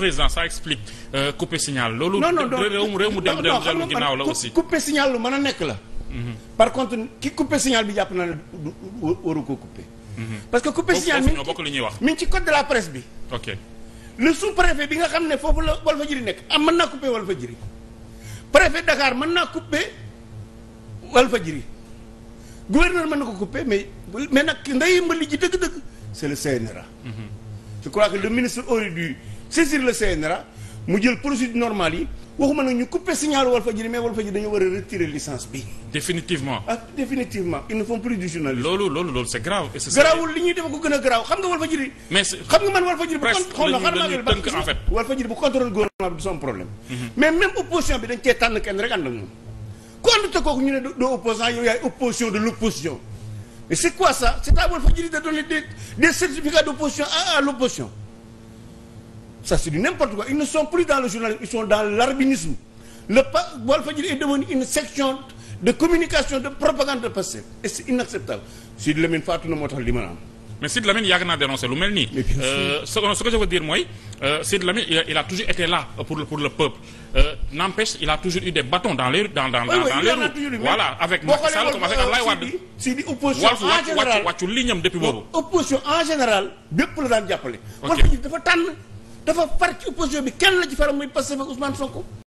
président ça explique euh, couper signal loolu. non non réew mu réew mu dem dellu ginnaaw la aussi couper signal lu mën a nekk la. Mhm. par contre ki couper signal bi jàpp na ne waru ko couper. Mhm. parce que couper signal mi ngi ci mi ngi ci code de la presse bi. ok le sous-préfet bi nga xam ne foofu la Walfadjri nekk am ah, mën naa couper Walfadjri préfet Dakar mën naa couper Walfadjri gouverneur mën na ko couper mais mais nag ndey mbali ji dëgg-dëgg c'est le CNRA. Mhm. je crois que le ministre aurait dû saisir le CNRA mu jël procédure normale yi waxuma nag ñu couper signal Walfadjri mais Walfadjri dañoo war a retirer licence bi. définitivement ah définitivement ils plus du journalisme. loolu loolu loolu c'est grave. et li ñuy def ko gën a garaaw xam nga Walfadjri. mais xam nga man Walfadjri. presque bu contrôle gouvernement bi du son problème. Mm-hmm. mais même opposition bi dañ cee tànn kenn rek ànd moom. ku ànd te kooku ñu ne doo opposant yaay opposition ça c'est du n'importe quoi ne sont plus dans le journalisme ils sont dans l'arbinisme le pa Walfadjri est devenu une section de communication de propagande de Pastef et c'est inacceptable Sidy Lamine faatu na moo tax li ma am mais Sidy Lamine yàgg naa dénoncer lu mel nii euh, ce que je veux dire mooy euh, Sidy Lamine il a toujours été là pour le peuple euh, n'empêche il a toujours eu des bâtons dans les dans dans les roues voilà avec Macky Sall comme avec dafa far ci opposition bi kenn la ci faram muy Pastef ak Ousmane Sonko.